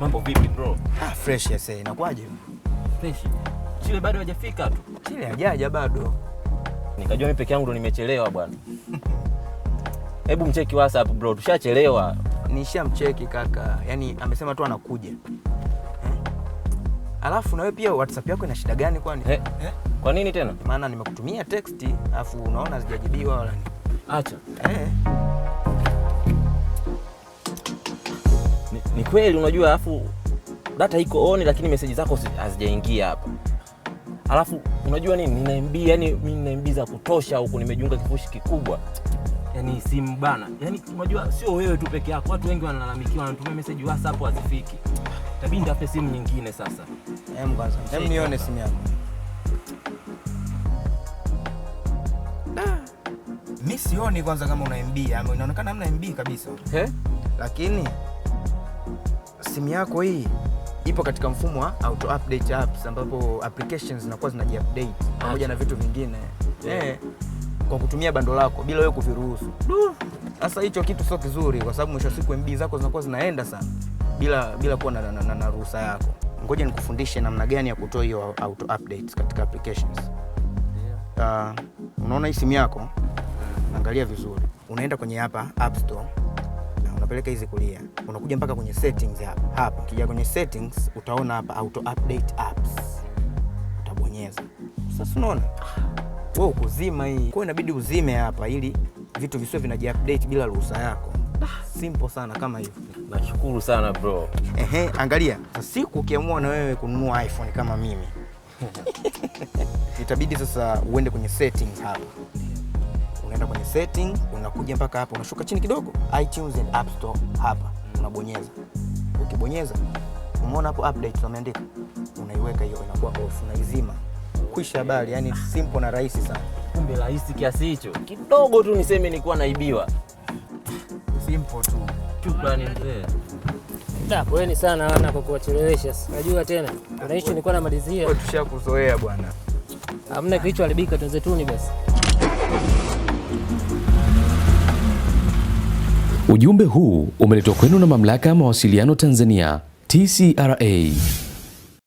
Mambo vipi bro? Ah, fresh ya sasa inakuaje? Fresh. Chile bado hajafika tu. Chile hajaja bado. Nikajua mimi peke yangu ndo nimechelewa bwana. Hebu mcheki WhatsApp bro, tushachelewa. Nishamcheki kaka. Yaani amesema tu anakuja. Eh? Alafu na wewe pia WhatsApp yako ina shida gani kwani? Eh? eh? Kwa nini tena? Maana nimekutumia text alafu unaona hazijajibiwa wala. Acha. Eh. Ni kweli unajua, alafu data iko on, lakini meseji zako hazijaingia hapa. Alafu unajua nini, nina MB yani mimi nina MB za kutosha huku, nimejiunga kifushi kikubwa yani simu bana. Yani unajua sio wewe tu peke yako, watu wengi wanalalamikiwa, wanatumia message WhatsApp hazifiki. Tabii ndafe simu nyingine sasa. Hem, kwanza hem, nione simu yako. Mimi sioni kwanza kama una MB, ama inaonekana hamna MB kabisa. Eh? Lakini simu yako hii ipo katika mfumo wa auto update apps ambapo applications zinakuwa update pamoja na vitu vingine yeah. Yeah. Kwa kutumia bando lako bila wewe kuviruhusu. Sasa hicho kitu sio kizuri, kwa sababu mwisho siku MB zako zinakuwa zinaenda sana bila bila kuwa na, na, na, na ruhusa yako. Ngoja nikufundishe namna gani ya kutoa hiyo auto updates katika applications. Uh, unaona hii simu yako, angalia vizuri, unaenda kwenye hapa App Store ukapeleka hizi kulia, unakuja mpaka kwenye settings hapa hapa. Ukija kwenye settings utaona hapa auto update apps, utabonyeza sasa. Unaona wewe ukuzima hii, kwa inabidi uzime hapa ili vitu visiwe vinaji update bila ruhusa yako. Simple sana kama hivyo. Nashukuru sana bro. Ehe, angalia siku ukiamua na wewe kununua iPhone kama mimi itabidi sasa uende kwenye settings hapa unaenda kwenye setting, unakuja mpaka hapa, unashuka chini kidogo, iTunes and App Store hapa unabonyeza. Ukibonyeza umeona hapo update wameandika, unaiweka hiyo, inakuwa off, unaizima. kuisha habari, yani simple na rahisi sana. Kumbe rahisi kiasi hicho, kidogo tu niseme nilikuwa naibiwa. Simple tu. Shukrani mzee. Pole sana wana kwa kuwachelewesha. Najua tena naishi nilikuwa namalizia. Tushakuzoea bwana. Hamna kilichoharibika, tunze tuni basi. Ujumbe huu umeletwa kwenu na Mamlaka ya Mawasiliano Tanzania, TCRA.